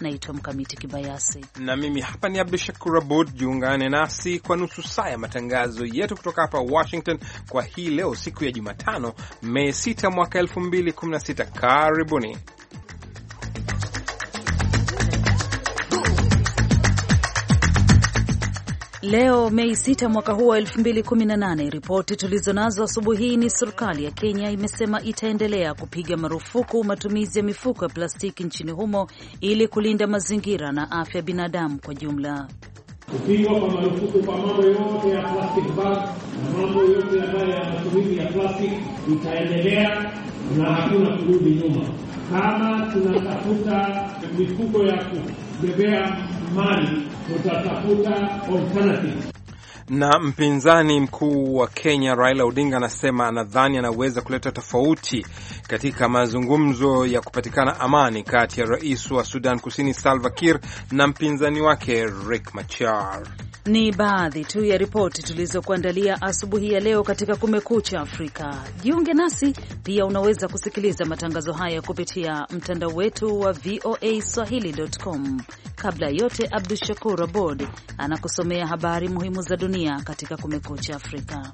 Naitwa Mkamiti Kibayasi na mimi hapa ni Abdu Shakur Abud. Jiungane nasi kwa nusu saa ya matangazo yetu kutoka hapa Washington kwa hii leo, siku ya Jumatano, Mei 6 mwaka 2016. Karibuni. Leo Mei 6 mwaka huu wa 2018, ripoti tulizonazo asubuhi hii ni serikali ya Kenya imesema itaendelea kupiga marufuku matumizi ya mifuko ya plastiki nchini humo ili kulinda mazingira na afya ya binadamu kwa jumla. Kupigwa kwa marufuku kwa mambo yote ya plastic bag na mambo yote ambayo ya matumizi ya plastic itaendelea na hakuna kurudi nyuma. Kama tunatafuta mifuko ya kubebea amani, tutatafuta alternative. Na mpinzani mkuu wa Kenya Raila Odinga anasema anadhani anaweza kuleta tofauti katika mazungumzo ya kupatikana amani kati ya rais wa Sudan Kusini Salva Kiir na mpinzani wake Riek Machar. Ni baadhi tu ya ripoti tulizokuandalia asubuhi ya leo katika Kumekucha Afrika. Jiunge nasi pia, unaweza kusikiliza matangazo haya kupitia mtandao wetu wa VOA Swahili.com. Kabla ya yote, Abdu Shakur Abod anakusomea habari muhimu za dunia katika Kumekucha Afrika.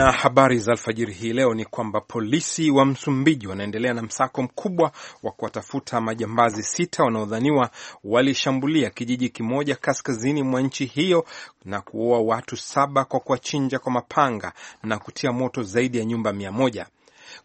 Na habari za alfajiri hii leo ni kwamba polisi wa Msumbiji wanaendelea na msako mkubwa wa kuwatafuta majambazi sita wanaodhaniwa walishambulia kijiji kimoja kaskazini mwa nchi hiyo na kuua watu saba kwa kuwachinja kwa mapanga na kutia moto zaidi ya nyumba mia moja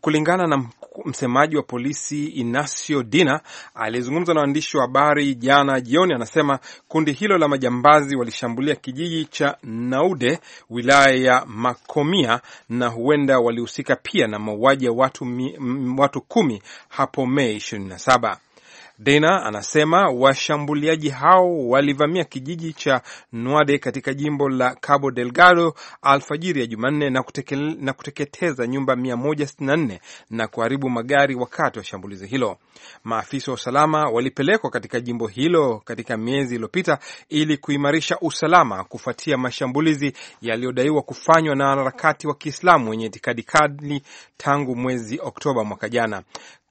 kulingana na msemaji wa polisi Inacio Dina aliyezungumza na waandishi wa habari jana jioni, anasema kundi hilo la majambazi walishambulia kijiji cha Naude, wilaya ya Makomia, na huenda walihusika pia na mauaji ya watu, watu kumi hapo Mei saba. Dena anasema washambuliaji hao walivamia kijiji cha Nuade katika jimbo la Cabo Delgado alfajiri ya Jumanne na, kuteke, na kuteketeza nyumba 164 na kuharibu magari wakati wa shambulizi hilo. Maafisa wa usalama walipelekwa katika jimbo hilo katika miezi iliyopita ili kuimarisha usalama kufuatia mashambulizi yaliyodaiwa kufanywa na wanaharakati wa Kiislamu wenye itikadi kali tangu mwezi Oktoba mwaka jana.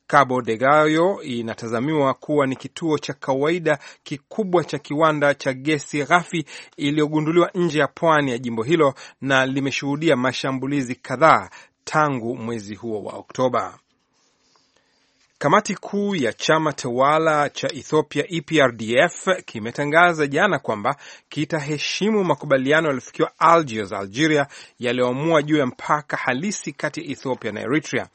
Cabo Delgado inatazamiwa kuwa ni kituo cha kawaida kikubwa cha kiwanda cha gesi ghafi iliyogunduliwa nje ya pwani ya jimbo hilo na limeshuhudia mashambulizi kadhaa tangu mwezi huo wa Oktoba. Kamati kuu ya chama tawala cha Ethiopia EPRDF kimetangaza jana kwamba kitaheshimu makubaliano yaliyofikiwa Algiers, Algeria, yaliyoamua juu ya mpaka halisi kati ya Ethiopia na Eritrea.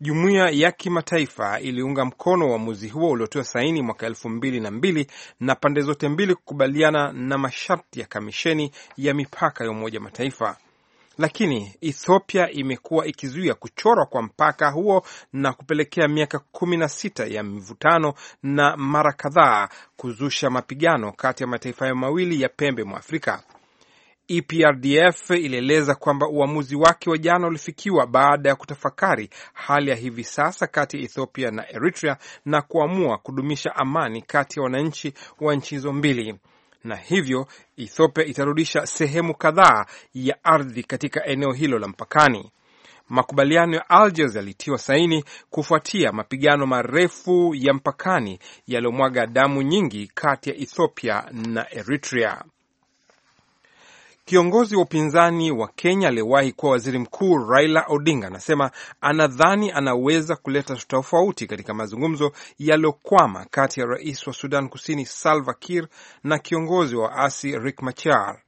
Jumuiya ya kimataifa iliunga mkono uamuzi huo uliotiwa saini mwaka elfu mbili na mbili na pande zote mbili kukubaliana na masharti ya kamisheni ya mipaka ya Umoja Mataifa. Lakini Ethiopia imekuwa ikizuia kuchorwa kwa mpaka huo na kupelekea miaka kumi na sita ya mivutano na mara kadhaa kuzusha mapigano kati ya mataifa hayo mawili ya pembe mwa Afrika. EPRDF ilieleza kwamba uamuzi wake wa jana ulifikiwa baada ya kutafakari hali ya hivi sasa kati ya Ethiopia na Eritrea na kuamua kudumisha amani kati ya wananchi wa nchi hizo mbili na hivyo Ethiopia itarudisha sehemu kadhaa ya ardhi katika eneo hilo la mpakani. Makubaliano ya Algiers yalitiwa saini kufuatia mapigano marefu ya mpakani yaliyomwaga damu nyingi kati ya Ethiopia na Eritrea. Kiongozi wa upinzani wa Kenya aliyewahi kuwa waziri mkuu Raila Odinga anasema anadhani anaweza kuleta tofauti katika mazungumzo yaliyokwama kati ya rais wa Sudan Kusini Salva Kiir na kiongozi wa waasi Riek Machar.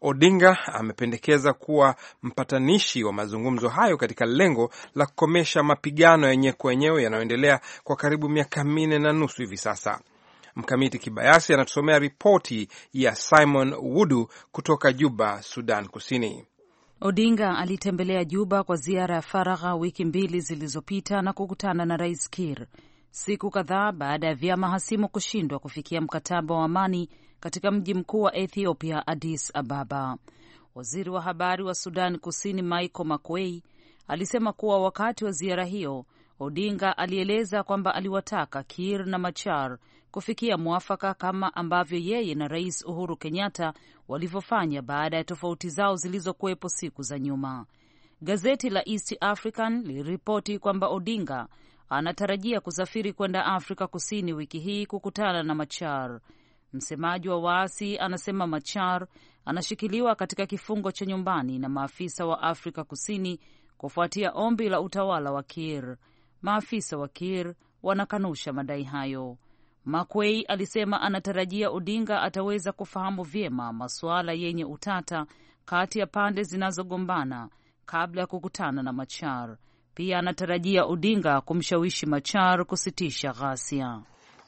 Odinga amependekeza kuwa mpatanishi wa mazungumzo hayo katika lengo la kukomesha mapigano yenyewe kwa yenyewe yanayoendelea kwa karibu miaka minne na nusu hivi sasa. Mkamiti Kibayasi anatusomea ripoti ya Simon Wudu kutoka Juba, Sudan Kusini. Odinga alitembelea Juba kwa ziara ya faragha wiki mbili zilizopita na kukutana na Rais Kir siku kadhaa baada ya vyama hasimu kushindwa kufikia mkataba wa amani katika mji mkuu wa Ethiopia, Addis Ababa. Waziri wa habari wa Sudan Kusini Michael Makwei alisema kuwa wakati wa ziara hiyo Odinga alieleza kwamba aliwataka Kir na Machar kufikia mwafaka kama ambavyo yeye na Rais Uhuru Kenyatta walivyofanya baada ya tofauti zao zilizokuwepo siku za nyuma. Gazeti la East African liliripoti kwamba Odinga anatarajia kusafiri kwenda Afrika Kusini wiki hii kukutana na Machar. Msemaji wa waasi anasema Machar anashikiliwa katika kifungo cha nyumbani na maafisa wa Afrika Kusini kufuatia ombi la utawala wa Kiir. Maafisa wa Kiir wanakanusha madai hayo. Makwei alisema anatarajia Odinga ataweza kufahamu vyema masuala yenye utata kati ya pande zinazogombana kabla ya kukutana na Machar. Pia anatarajia Odinga kumshawishi Machar kusitisha ghasia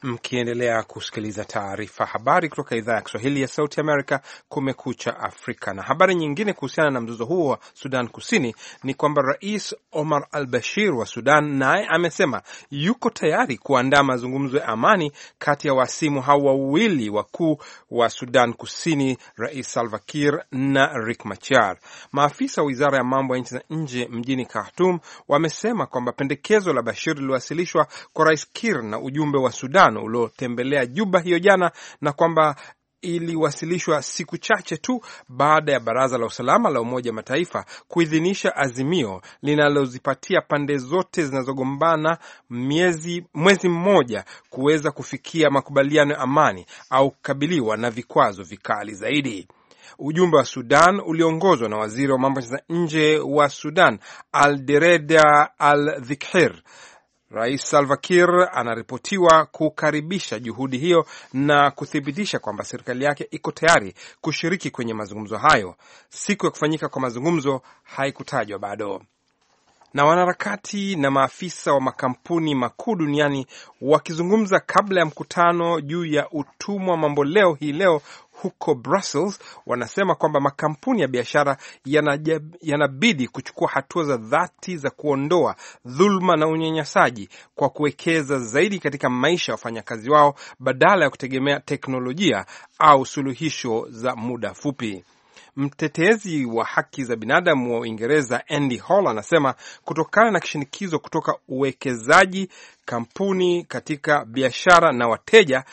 mkiendelea kusikiliza taarifa habari kutoka idhaa ya Kiswahili ya Sauti Amerika, Kumekucha Afrika. Na habari nyingine kuhusiana na mzozo huo wa Sudan Kusini ni kwamba Rais Omar Al Bashir wa Sudan naye amesema yuko tayari kuandaa mazungumzo ya amani kati ya wasimu hao wawili wakuu wa Sudan Kusini, Rais Salva Kiir na Riek Machar. Maafisa wa wizara ya mambo ya nchi za nje mjini Khartoum wamesema kwamba pendekezo la Bashir liliwasilishwa kwa Rais Kiir na ujumbe wa Sudan mkutano uliotembelea Juba hiyo jana na kwamba iliwasilishwa siku chache tu baada ya Baraza la Usalama la Umoja wa Mataifa kuidhinisha azimio linalozipatia pande zote zinazogombana miezi mwezi mmoja kuweza kufikia makubaliano ya amani au kukabiliwa na vikwazo vikali zaidi. Ujumbe wa Sudan uliongozwa na waziri wa mambo za nje wa Sudan Aldereda Al Dhikhir Rais Salva Kiir anaripotiwa kukaribisha juhudi hiyo na kuthibitisha kwamba serikali yake iko tayari kushiriki kwenye mazungumzo hayo. Siku ya kufanyika kwa mazungumzo haikutajwa bado. Na wanaharakati na maafisa wa makampuni makuu duniani wakizungumza kabla ya mkutano juu ya utumwa mambo leo hii leo huko Brussels wanasema kwamba makampuni ya biashara yanabidi kuchukua hatua za dhati za kuondoa dhuluma na unyanyasaji kwa kuwekeza zaidi katika maisha ya wafanyakazi wao badala ya kutegemea teknolojia au suluhisho za muda fupi. Mtetezi wa haki za binadamu wa Uingereza Andy Hall anasema kutokana na kishinikizo kutoka uwekezaji, kampuni katika biashara na wateja,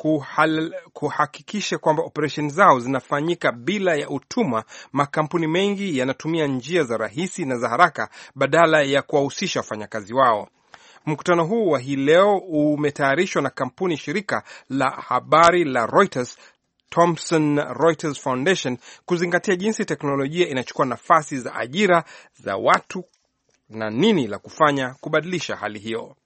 kuhal, kuhakikisha kwamba operesheni zao zinafanyika bila ya utumwa. Makampuni mengi yanatumia njia za rahisi na za haraka badala ya kuwahusisha wafanyakazi wao. Mkutano huu wa hii leo umetayarishwa na kampuni shirika la habari la Reuters Thomson Reuters Foundation kuzingatia jinsi teknolojia inachukua nafasi za ajira za watu na nini la kufanya kubadilisha hali hiyo.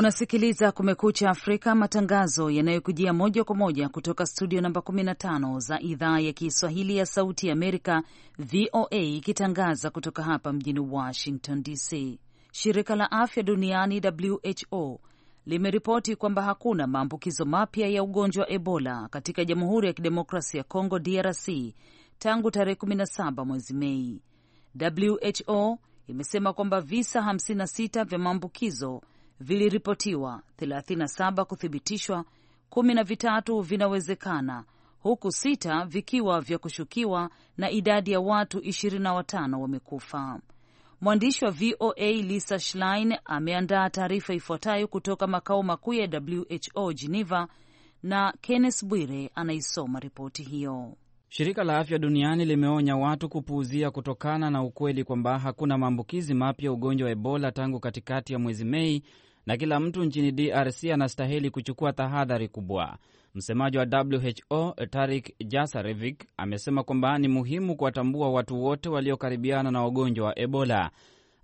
Unasikiliza Kumekucha Afrika, matangazo yanayokujia moja kwa moja kutoka studio namba 15 za idhaa ya Kiswahili ya Sauti ya Amerika, VOA, ikitangaza kutoka hapa mjini Washington DC. Shirika la Afya Duniani, WHO, limeripoti kwamba hakuna maambukizo mapya ya ugonjwa wa Ebola katika Jamhuri ya Kidemokrasia ya Kongo, DRC, tangu tarehe 17 mwezi Mei. WHO imesema kwamba visa 56 vya maambukizo viliripotiwa, 37 kuthibitishwa, kumi na vitatu vinawezekana, huku sita vikiwa vya kushukiwa na idadi ya watu 25 wamekufa. Mwandishi wa VOA Lisa Schlein ameandaa taarifa ifuatayo kutoka makao makuu ya WHO Geneva, na Kenneth Bwire anaisoma ripoti hiyo. Shirika la Afya Duniani limeonya watu kupuuzia kutokana na ukweli kwamba hakuna maambukizi mapya ugonjwa wa Ebola tangu katikati ya mwezi Mei na kila mtu nchini DRC anastahili kuchukua tahadhari kubwa. Msemaji wa WHO Tarik Jasarevic amesema kwamba ni muhimu kuwatambua watu wote waliokaribiana na wagonjwa wa Ebola.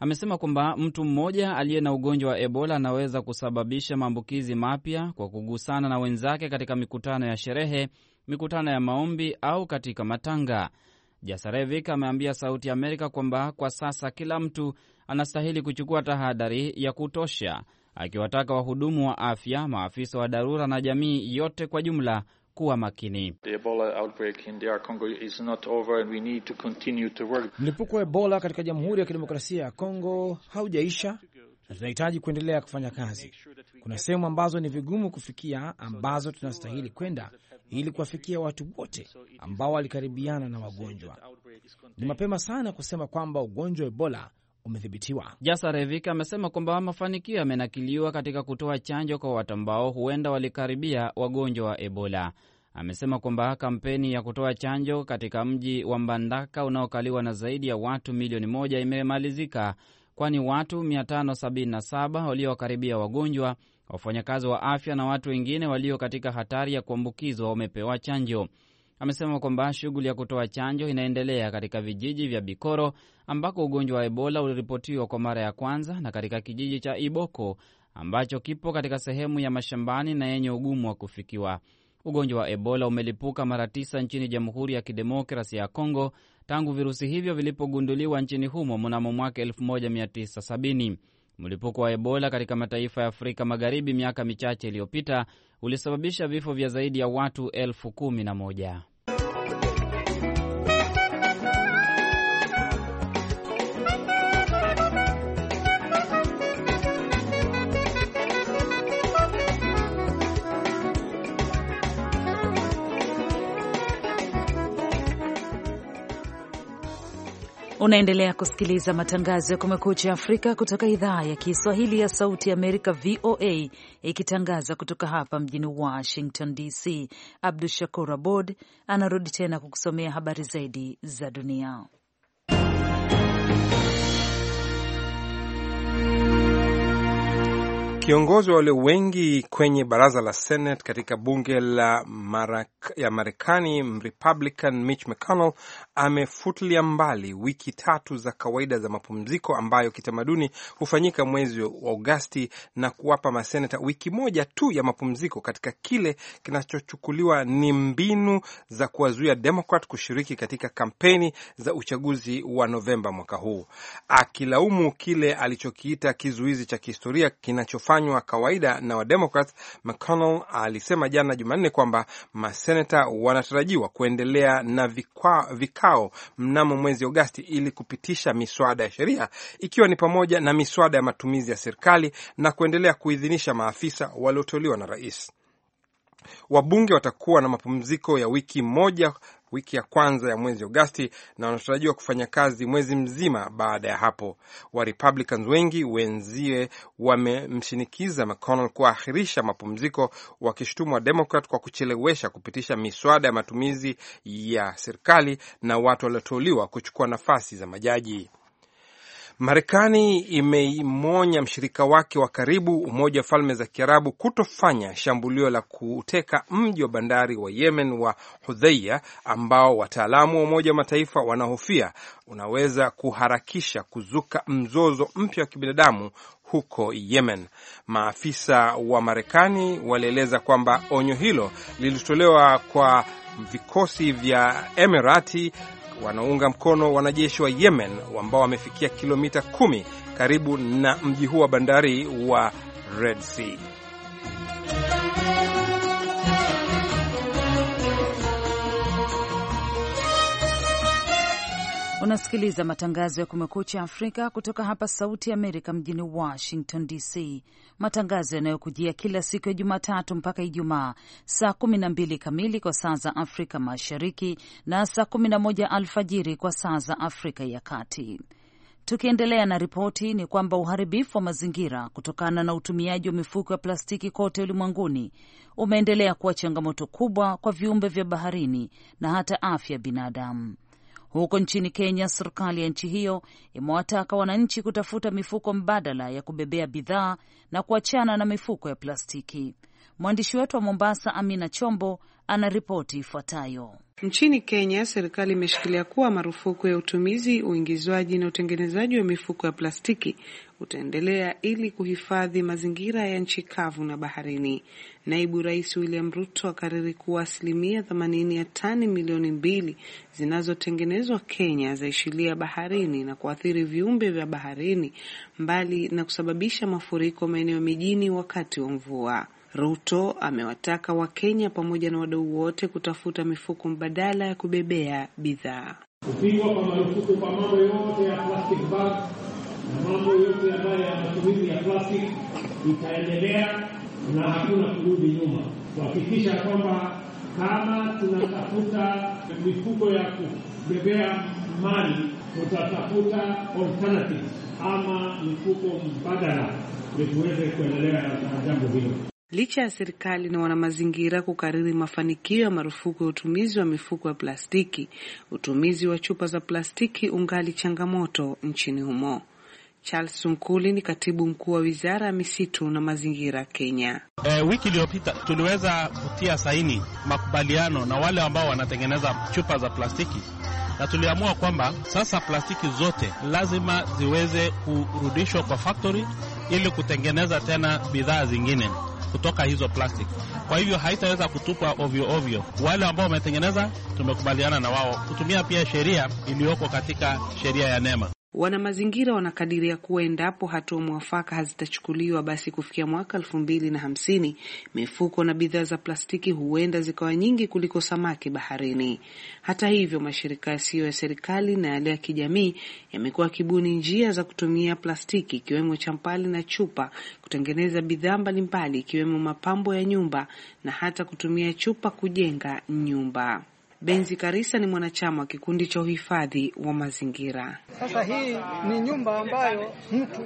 Amesema kwamba mtu mmoja aliye na ugonjwa wa Ebola anaweza kusababisha maambukizi mapya kwa kugusana na wenzake katika mikutano ya sherehe, mikutano ya maombi au katika matanga. Jasarevik ameambia Sauti ya Amerika kwamba kwa sasa kila mtu anastahili kuchukua tahadhari ya kutosha akiwataka wahudumu wa afya, maafisa wa dharura na jamii yote kwa jumla kuwa makini. Mlipuko wa Ebola katika Jamhuri ya Kidemokrasia ya Kongo haujaisha na tunahitaji kuendelea kufanya kazi. Kuna sehemu ambazo ni vigumu kufikia, ambazo tunastahili kwenda ili kuwafikia watu wote ambao walikaribiana na wagonjwa. Ni mapema sana kusema kwamba ugonjwa wa Ebola umedhibitiwa. Jasa Revika amesema kwamba mafanikio yamenakiliwa katika kutoa chanjo kwa watu ambao huenda walikaribia wagonjwa wa Ebola. Amesema kwamba kampeni ya kutoa chanjo katika mji wa Mbandaka unaokaliwa na zaidi ya watu milioni moja imemalizika, kwani watu 577 waliowakaribia wagonjwa, wafanyakazi wa afya na watu wengine walio katika hatari ya kuambukizwa wamepewa chanjo amesema kwamba shughuli ya kutoa chanjo inaendelea katika vijiji vya Bikoro ambako ugonjwa wa Ebola uliripotiwa kwa mara ya kwanza na katika kijiji cha Iboko ambacho kipo katika sehemu ya mashambani na yenye ugumu wa kufikiwa. Ugonjwa wa Ebola umelipuka mara tisa nchini Jamhuri ya Kidemokrasi ya Kongo tangu virusi hivyo vilipogunduliwa nchini humo mnamo mwaka 1970. Mlipuko wa Ebola katika mataifa ya Afrika Magharibi miaka michache iliyopita ulisababisha vifo vya zaidi ya watu elfu kumi na moja. Unaendelea kusikiliza matangazo ya Kumekucha Afrika kutoka idhaa ya Kiswahili ya Sauti Amerika, VOA, ikitangaza kutoka hapa mjini Washington DC. Abdu Shakur Abod anarudi tena kukusomea habari zaidi za dunia. Kiongozi wa walio wengi kwenye baraza la Senate katika bunge la Marak ya Marekani, Mrepublican Mitch McConnell amefutilia mbali wiki tatu za kawaida za mapumziko ambayo kitamaduni hufanyika mwezi wa Agosti na kuwapa maseneta wiki moja tu ya mapumziko katika kile kinachochukuliwa ni mbinu za kuwazuia Demokrat kushiriki katika kampeni za uchaguzi wa Novemba mwaka huu, akilaumu kile alichokiita kizuizi cha kihistoria kinachofanywa kawaida na Wademokrat. McConnell alisema jana Jumanne kwamba maseneta wanatarajiwa kuendelea na vikwa kikao mnamo mwezi Agosti ili kupitisha miswada ya sheria ikiwa ni pamoja na miswada ya matumizi ya serikali na kuendelea kuidhinisha maafisa walioteuliwa na rais. Wabunge watakuwa na mapumziko ya wiki moja wiki ya kwanza ya mwezi Agosti na wanatarajiwa kufanya kazi mwezi mzima baada ya hapo. Wa Republicans wengi wenzie wamemshinikiza McConnell kuahirisha mapumziko, wakishutumu wa Demokrat kwa kuchelewesha kupitisha miswada ya matumizi ya serikali na watu walioteuliwa kuchukua nafasi za majaji. Marekani imeimonya mshirika wake wa karibu Umoja wa Falme za Kiarabu kutofanya shambulio la kuteka mji wa bandari wa Yemen wa Hudheia ambao wataalamu wa Umoja wa Mataifa wanahofia unaweza kuharakisha kuzuka mzozo mpya wa kibinadamu huko Yemen. Maafisa wa Marekani walieleza kwamba onyo hilo lilitolewa kwa vikosi vya Emirati wanaounga mkono wanajeshi wa Yemen ambao wamefikia kilomita kumi karibu na mji huu wa bandari wa Red Sea. Unasikiliza matangazo ya Kumekucha Afrika kutoka hapa Sauti ya Amerika mjini Washington DC, matangazo yanayokujia kila siku ya Jumatatu mpaka Ijumaa saa 12 kamili kwa saa za Afrika Mashariki na saa 11 alfajiri kwa saa za Afrika ya Kati. Tukiendelea na ripoti ni kwamba uharibifu wa mazingira kutokana na utumiaji wa mifuko ya plastiki kote ulimwenguni umeendelea kuwa changamoto kubwa kwa viumbe vya baharini na hata afya binadamu. Huko nchini Kenya, serikali ya nchi hiyo imewataka wananchi kutafuta mifuko mbadala ya kubebea bidhaa na kuachana na mifuko ya plastiki. Mwandishi wetu wa Mombasa, Amina Chombo, anaripoti ifuatayo. Nchini Kenya, serikali imeshikilia kuwa marufuku ya utumizi, uingizwaji na utengenezaji wa mifuko ya plastiki utaendelea ili kuhifadhi mazingira ya nchi kavu na baharini. Naibu Rais William Ruto akariri kuwa asilimia themanini ya tani milioni mbili zinazotengenezwa Kenya zaishilia baharini na kuathiri viumbe vya baharini, mbali na kusababisha mafuriko maeneo mijini wakati wa mvua. Ruto amewataka Wakenya pamoja na wadau wote kutafuta mifuko mbadala ya kubebea bidhaa. Kupigwa kwa marufuku kwa mambo yote ya plastic bag na mambo yote ambayo ya matumizi ya plastic itaendelea na hakuna kurudi nyuma, kuhakikisha kwamba kama tunatafuta mifuko ya kubebea mali tutatafuta alternatives ama mifuko mbadala ili tuweze kuendelea na jambo hilo. Licha ya serikali na wanamazingira kukariri mafanikio ya marufuku ya utumizi wa mifuko ya plastiki, utumizi wa chupa za plastiki ungali changamoto nchini humo. Charles Sunkuli ni katibu mkuu wa wizara ya misitu na mazingira Kenya. E, wiki iliyopita tuliweza kutia saini makubaliano na wale ambao wanatengeneza chupa za plastiki na tuliamua kwamba sasa plastiki zote lazima ziweze kurudishwa kwa faktori ili kutengeneza tena bidhaa zingine kutoka hizo plastic. Kwa hivyo haitaweza kutupwa ovyo ovyo. Wale ambao wametengeneza, tumekubaliana na wao kutumia pia sheria iliyoko katika sheria ya NEMA. Wana mazingira wanakadiria kuwa endapo hatua mwafaka hazitachukuliwa, basi kufikia mwaka elfu mbili na hamsini mifuko na bidhaa za plastiki huenda zikawa nyingi kuliko samaki baharini. Hata hivyo, mashirika yasiyo ya serikali na yale ya kijamii yamekuwa kibuni njia za kutumia plastiki ikiwemo champali na chupa kutengeneza bidhaa mbalimbali ikiwemo mapambo ya nyumba na hata kutumia chupa kujenga nyumba. Benzi Karisa ni mwanachama wa kikundi cha uhifadhi wa mazingira. Sasa hii ni nyumba ambayo mtu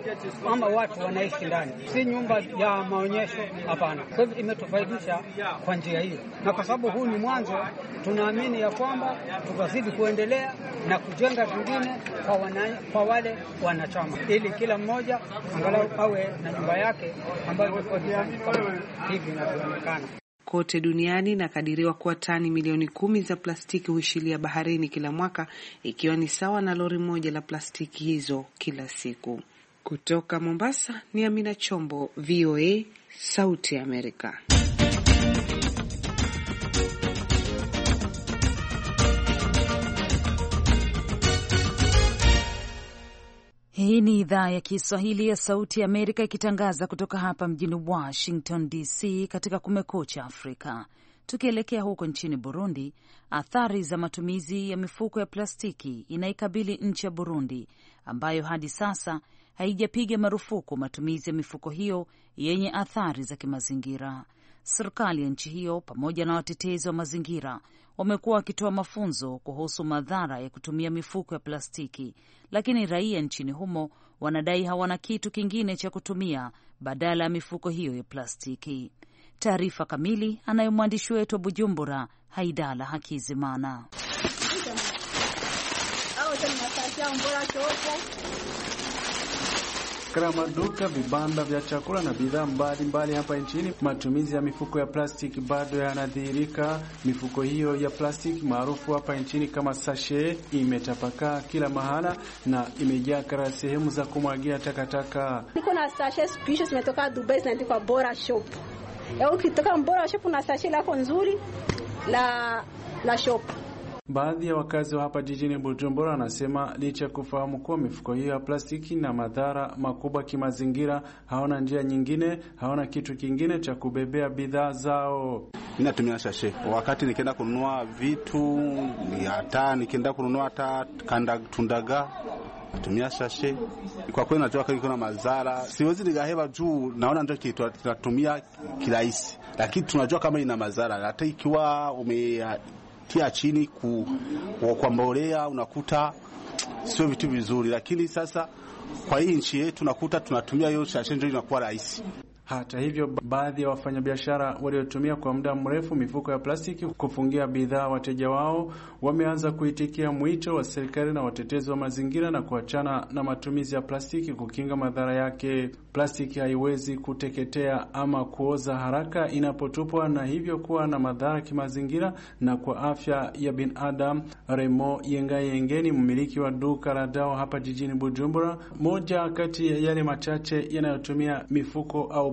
ama watu wanaishi ndani, si nyumba ya maonyesho, hapana. Kwa hivyo imetufaidisha kwa njia hiyo, na kwa sababu huu ni mwanzo, tunaamini ya kwamba tutazidi kuendelea na kujenga vingine kwa, kwa wale wanachama, ili kila mmoja angalau awe na nyumba yake ambayo hivi inavyoonekana kote duniani inakadiriwa kuwa tani milioni kumi za plastiki huishilia baharini kila mwaka, ikiwa ni sawa na lori moja la plastiki hizo kila siku. Kutoka Mombasa ni Amina Chombo, VOA, Sauti ya Amerika. Hii ni idhaa ya Kiswahili ya Sauti ya Amerika ikitangaza kutoka hapa mjini Washington DC katika Kumekucha Afrika. Tukielekea huko nchini Burundi, athari za matumizi ya mifuko ya plastiki inaikabili nchi ya Burundi ambayo hadi sasa haijapiga marufuku matumizi ya mifuko hiyo yenye athari za kimazingira serikali ya nchi hiyo pamoja na watetezi wa mazingira wamekuwa wakitoa mafunzo kuhusu madhara ya kutumia mifuko ya plastiki, lakini raia nchini humo wanadai hawana kitu kingine cha kutumia badala ya mifuko hiyo ya plastiki. Taarifa kamili anayo mwandishi wetu wa Bujumbura, Haidala Hakizimana katika maduka, vibanda vya chakula na bidhaa mbalimbali hapa nchini. Matumizi ya mifuko ya plastiki bado yanadhihirika. Mifuko hiyo ya plastiki maarufu hapa nchini kama sashe imetapakaa kila mahala na imejaa kara sehemu za kumwagia takataka. Niko na sashe spishi zimetoka Dubai, zinaandikwa Bora Shop. Eh, ukitoka Bora Shop na sashe lako nzuri la la shop Baadhi ya wakazi wa hapa jijini Bujumbura wanasema licha ya kufahamu kuwa mifuko hiyo ya plastiki na madhara makubwa kimazingira, haona njia nyingine, haona kitu kingine cha kubebea bidhaa zao. Mi natumia shashe wakati nikienda kununua vitu, hata nikienda kununua hata kanda tundaga natumia shashe. Kwa kweli najua kiko na madhara, siwezi nikahewa juu naona ndio kitu tunatumia kirahisi, lakini tunajua kama ina madhara, hata ikiwa ume kutia chini ku, mbolea unakuta sio vitu vizuri, lakini sasa kwa hii nchi yetu nakuta tunatumia hiyo shashenjo inakuwa rahisi. Hata hivyo, baadhi ya wafanyabiashara waliotumia kwa muda mrefu mifuko ya plastiki kufungia bidhaa wateja wao wameanza kuitikia mwito wa serikali na watetezi wa mazingira na kuachana na matumizi ya plastiki kukinga madhara yake. Plastiki haiwezi kuteketea ama kuoza haraka inapotupwa na hivyo kuwa na madhara kimazingira na kwa afya ya binadamu. Remo yengeni mmiliki wa duka la dawa hapa jijini Bujumbura, moja kati ya yale machache yanayotumia mifuko au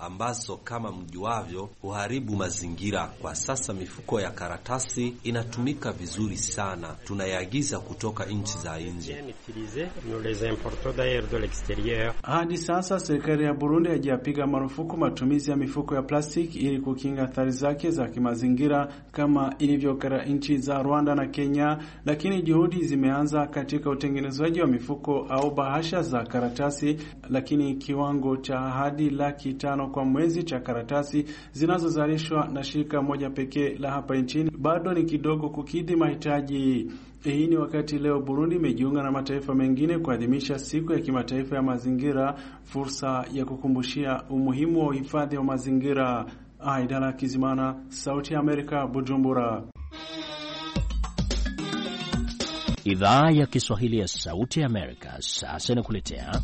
ambazo kama mjuavyo huharibu mazingira. Kwa sasa mifuko ya karatasi inatumika vizuri sana, tunayaagiza kutoka nchi za nje. Hadi sasa serikali ya Burundi haijapiga marufuku matumizi ya mifuko ya plastiki ili kukinga athari zake za kimazingira kama ilivyokara nchi za Rwanda na Kenya, lakini juhudi zimeanza katika utengenezwaji wa mifuko au bahasha za karatasi, lakini kiwango cha ahadi laki tano kwa mwezi cha karatasi zinazozalishwa na shirika moja pekee la hapa nchini bado ni kidogo kukidhi mahitaji. Hii ni wakati leo Burundi imejiunga na mataifa mengine kuadhimisha siku ya kimataifa ya mazingira, fursa ya kukumbushia umuhimu wa uhifadhi wa mazingira. Aidala Kizimana, Sauti ya Amerika, Bujumbura. Idhaa ya Kiswahili ya Sauti ya Amerika sasa inakuletea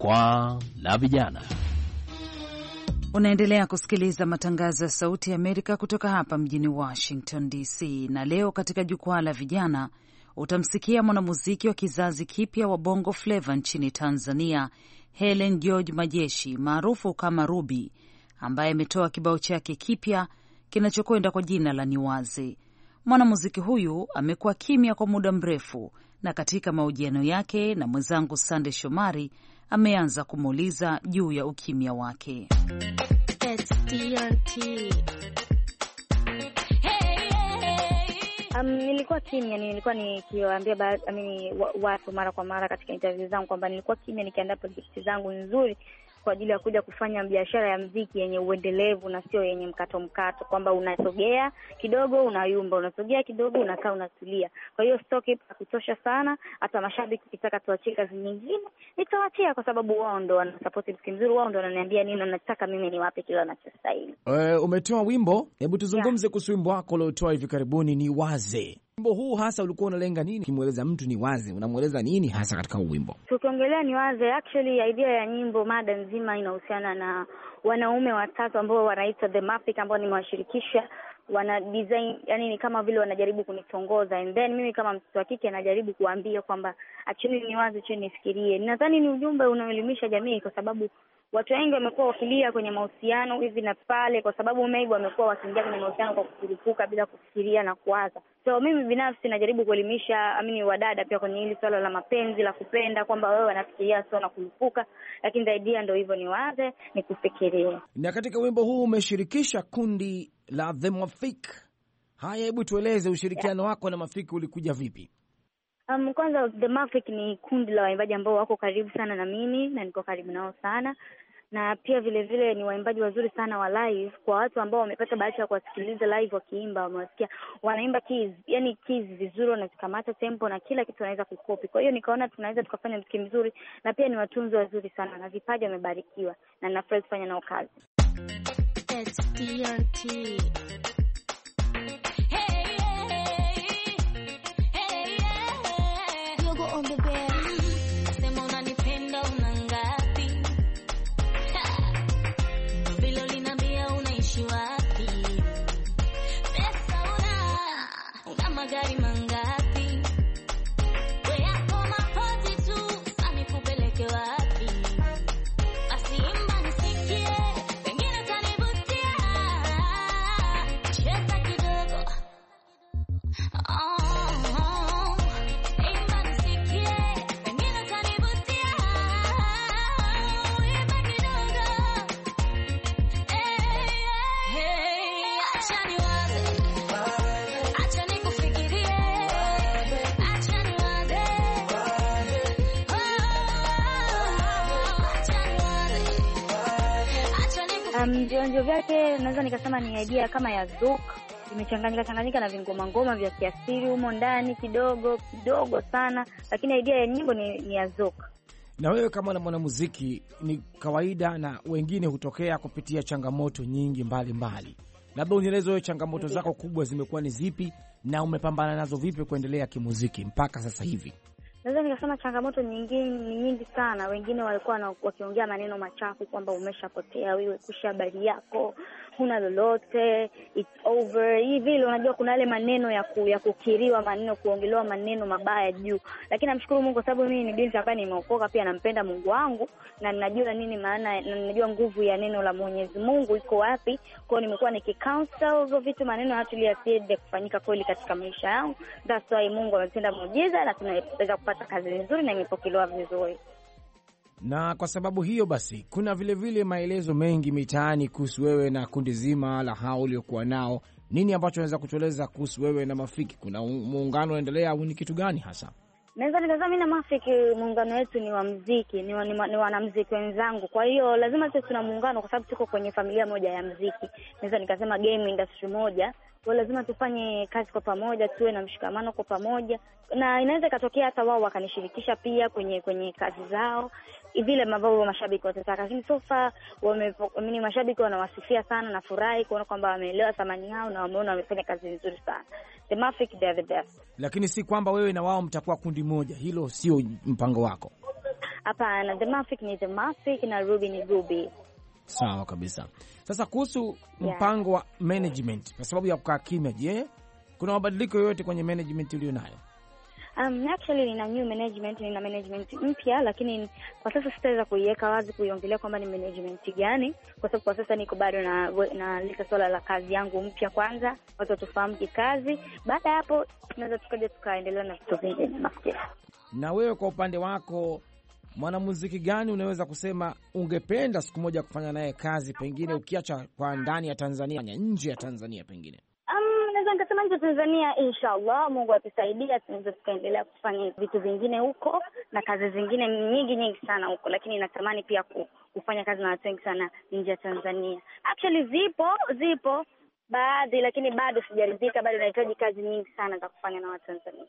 Jukwaa la Vijana. Unaendelea kusikiliza matangazo ya Sauti ya Amerika kutoka hapa mjini Washington DC, na leo katika Jukwaa la Vijana utamsikia mwanamuziki wa kizazi kipya wa Bongo Fleva nchini Tanzania, Helen George Majeshi maarufu kama Ruby, ambaye ametoa kibao chake kipya kinachokwenda kwa jina la Niwaze. Mwanamuziki huyu amekuwa kimya kwa muda mrefu, na katika mahojiano yake na mwenzangu Sande Shomari ameanza kumuuliza juu ya ukimya wake. Um, nilikuwa kimya, nilikuwa nikiwaambia watu mara kwa mara katika interview zangu kwamba nilikuwa kimya nikiandaa projekti zangu nzuri kwa ajili ya kuja kufanya biashara ya mziki yenye uendelevu na sio yenye mkato mkato, kwamba unasogea kidogo unayumba, unasogea kidogo unakaa unatulia. Kwa hiyo stock ipo kutosha sana, hata mashabiki ukitaka tuachie kazi nyingine nitawachia, kwa sababu wao ndo wanasapoti mziki mzuri, wao ndo wananiambia nini wanataka, mimi niwape kile wanachostahili. Uh, umetoa wimbo, hebu tuzungumze kuhusu wimbo wako uliotoa hivi karibuni, ni waze Wimbo huu hasa ulikuwa unalenga nini? Ukimweleza mtu ni wazi unamweleza nini hasa katika huu wimbo? Tukiongelea ni wazi, actually idea ya nyimbo, mada nzima inahusiana na wanaume watatu ambao wanaitwa The Mapic ambao nimewashirikisha wana design yani, ni kama vile wanajaribu kunitongoza, and then mimi kama mtoto wa kike najaribu kuambia kwamba acheni wazi acheni nifikirie. Nadhani ni ujumbe unaoelimisha jamii, kwa sababu watu wengi wamekuwa wakilia kwenye mahusiano hivi na pale, kwa sababu maybe wamekuwa wakiingia kwenye mahusiano kwa kukurupuka bila kufikiria na kuwaza. So mimi binafsi najaribu kuelimisha amini wadada pia kwenye hili swala la mapenzi la kupenda, kwamba wewe wanafikiria sio na kulupuka lakini zaidia ndo hivyo, ni waze ni kufikiria. Na katika wimbo huu umeshirikisha kundi la The Mafik. Haya, hebu tueleze ushirikiano yeah, wako na Mafiki ulikuja vipi? Um, kwanza The Mafik ni kundi la waimbaji ambao wako karibu sana na mimi na niko karibu nao sana na pia vile vile ni waimbaji wazuri sana wa live. Kwa watu ambao wamepata bahati ya kuwasikiliza live wakiimba, wamewasikia wanaimba keys, yani keys vizuri, wanazikamata tempo na kila kitu wanaweza kukopi. Kwa hiyo nikaona tunaweza tukafanya mziki mzuri, na pia ni watunzi wazuri sana na vipaji wamebarikiwa, na nafurahi kufanya nao kazi. Vionjo vyake naweza nikasema ni idea kama ya zouk imechanganyika changanyika na vingoma ngoma vya kiasiri humo ndani kidogo kidogo sana, lakini idea ya nyimbo ni, ni ya zouk. Na wewe kama na mwanamuziki, ni kawaida na wengine hutokea kupitia changamoto nyingi mbalimbali, labda unieleze wewe changamoto zako kubwa zimekuwa ni zipi na umepambana nazo vipi kuendelea kimuziki mpaka sasa hivi? Naweza nikasema changamoto nyingine ni nyingi sana. Wengine walikuwa wakiongea maneno machafu kwamba umeshapotea wewe, kusha habari yako hakuna lolote, it's over hii vile. Unajua, kuna yale maneno ya, ku, ya kukiriwa maneno kuongelewa maneno mabaya juu, lakini namshukuru Mungu kwa sababu mimi ni binti ambaye nimeokoka, pia nampenda Mungu wangu na ninajua nini maana, na ninajua nguvu ya neno la Mwenyezi Mungu iko wapi. Kwa hiyo nimekuwa nikicounsel hizo vitu, maneno actually yasiende kufanyika kweli katika maisha yangu. That's why Mungu ametenda muujiza na tunaweza kupata kazi nzuri na imepokelewa vizuri na kwa sababu hiyo basi, kuna vilevile vile maelezo mengi mitaani kuhusu wewe na kundi zima la hao uliokuwa nao. Nini ambacho unaweza kutueleza kuhusu wewe na Mafiki? Kuna muungano unaendelea au ni kitu gani hasa? Naweza nikazaa mi na Mafiki, muungano wetu ni wa mziki, ni, wa, ni, ni wanamziki wenzangu, kwa hiyo lazima sisi tuna muungano, kwa sababu tuko kwenye familia moja ya mziki. Naweza nikasema game industry moja kwa lazima tufanye kazi kwa pamoja, tuwe na mshikamano kwa pamoja, na inaweza ikatokea hata wao wakanishirikisha pia kwenye kwenye kazi zao vile ambavyo mashabiki watataka, lakini sofa far mashabiki wanawasifia sana. Nafurahi kuona kwamba wameelewa thamani yao na wameona wamefanya kazi nzuri sana. The Mafic, they are the best. Lakini si kwamba wewe na wao mtakuwa kundi moja, hilo sio mpango wako? Hapana, The Mafic ni The Mafic na Ruby ni Ruby. Sawa kabisa. Sasa kuhusu yeah, mpango wa management kwa sababu ya kukaa kimya, je, kuna mabadiliko yoyote kwenye management uliyo nayo? Um, actually nina new management, nina management mpya, lakini kwa sasa sitaweza kuiweka wazi, kuiongelea kwamba ni management gani, kwa sababu kwa sasa niko bado na nalika swala la kazi yangu mpya, kwanza watu watufahamu kikazi. Baada ya hapo tunaweza tukaja tukaendelea na vitu vingine. na wewe kwa upande wako mwanamuziki gani unaweza kusema ungependa siku moja kufanya naye kazi, pengine ukiacha kwa ndani ya Tanzania, nje ya Tanzania pengine? Um, naweza nikasema nje ya Tanzania, inshallah Mungu atusaidia, tunaweza tukaendelea kufanya vitu vingine huko na kazi zingine nyingi nyingi sana huko, lakini natamani pia kufanya kazi na watu wengi sana nje ya Tanzania. Actually zipo zipo baadhi, lakini bado sijaridhika, bado nahitaji kazi nyingi sana za kufanya na Watanzania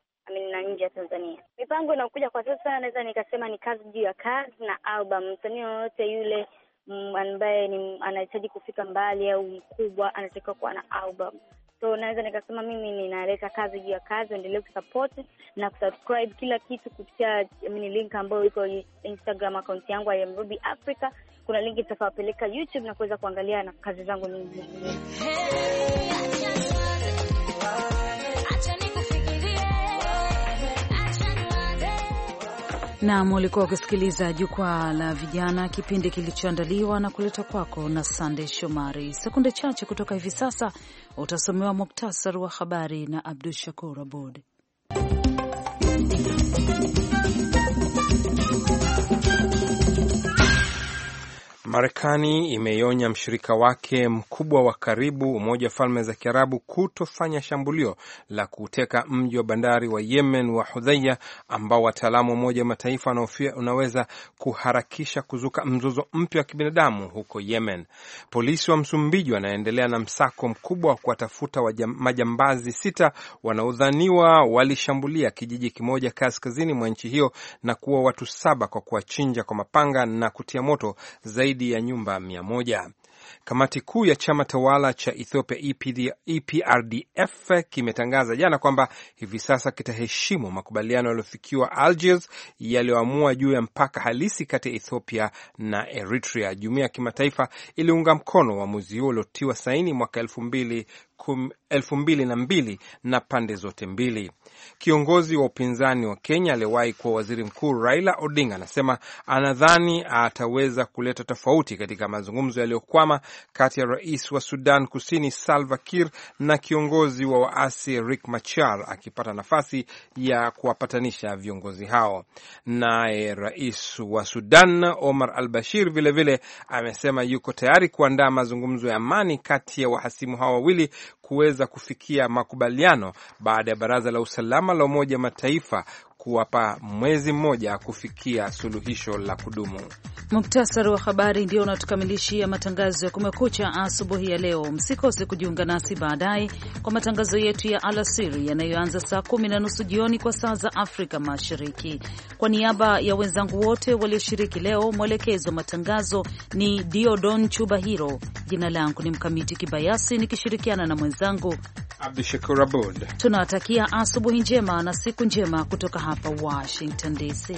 na nje ya Tanzania. Mipango inaokuja kwa sasa naweza nikasema ni kazi juu ya kazi na album. Msanii yoyote yule mm, ambaye ni anahitaji kufika mbali au mkubwa anatakiwa kuwa na album. So naweza nikasema mimi ninaleta kazi juu ya kazi, endelee kusupport na kusubscribe kila kitu kupitia link ambayo iko Instagram account yangu I am Africa kuna linki itakawapeleka YouTube na kuweza kuangalia na kazi zangu nyingi. Nam, ulikuwa ukisikiliza jukwaa la vijana, kipindi kilichoandaliwa na kuletwa kwako na sandey Shomari. Sekunde chache kutoka hivi sasa utasomewa muktasari wa habari na Abdu Shakur Abud. Marekani imeionya mshirika wake mkubwa wa karibu Umoja wa Falme za Kiarabu kutofanya shambulio la kuteka mji wa bandari wa Yemen wa Hudhaiya ambao wataalamu wa Umoja wa Mataifa wanaofia unaweza kuharakisha kuzuka mzozo mpya wa kibinadamu huko Yemen. Polisi wa Msumbiji wanaendelea na msako mkubwa wa kuwatafuta majambazi sita wanaodhaniwa walishambulia kijiji kimoja kaskazini mwa nchi hiyo na kuwa watu saba kwa kuwachinja kwa mapanga na kutia moto zaidi zaidi ya nyumba mia moja. Kamati kuu ya chama tawala cha Ethiopia EPRDF e kimetangaza jana kwamba hivi sasa kitaheshimu makubaliano yaliyofikiwa Algiers yaliyoamua juu ya mpaka halisi kati ya Ethiopia na Eritrea. Jumuiya ya kimataifa iliunga mkono uamuzi huo uliotiwa saini mwaka elfu mbili elfu mbili na mbili na pande zote mbili. Kiongozi wa upinzani wa Kenya aliyewahi kuwa waziri mkuu Raila Odinga anasema anadhani ataweza kuleta tofauti katika mazungumzo yaliyokwama kati ya rais wa Sudan Kusini Salva Kiir na kiongozi wa waasi Riek Machar akipata nafasi ya kuwapatanisha viongozi hao. Naye rais wa Sudan Omar al Bashir vilevile amesema yuko tayari kuandaa mazungumzo ya amani kati ya wahasimu hao wawili kuweza kufikia makubaliano baada ya baraza la usalama la Umoja Mataifa kuwapa mwezi mmoja kufikia suluhisho la kudumu. Muktasari wa habari ndio unatukamilishia matangazo ya Kumekucha asubuhi ya leo. Msikose kujiunga nasi baadaye kwa matangazo yetu ya alasiri yanayoanza saa kumi na nusu jioni kwa saa za Afrika Mashariki. Kwa niaba ya wenzangu wote walioshiriki leo, mwelekezo wa matangazo ni Diodon Chubahiro. Jina langu ni Mkamiti Kibayasi nikishirikiana na mwenzangu Abdu Shakur Abud. Tunawatakia asubuhi njema na siku njema kutoka hapa Washington DC.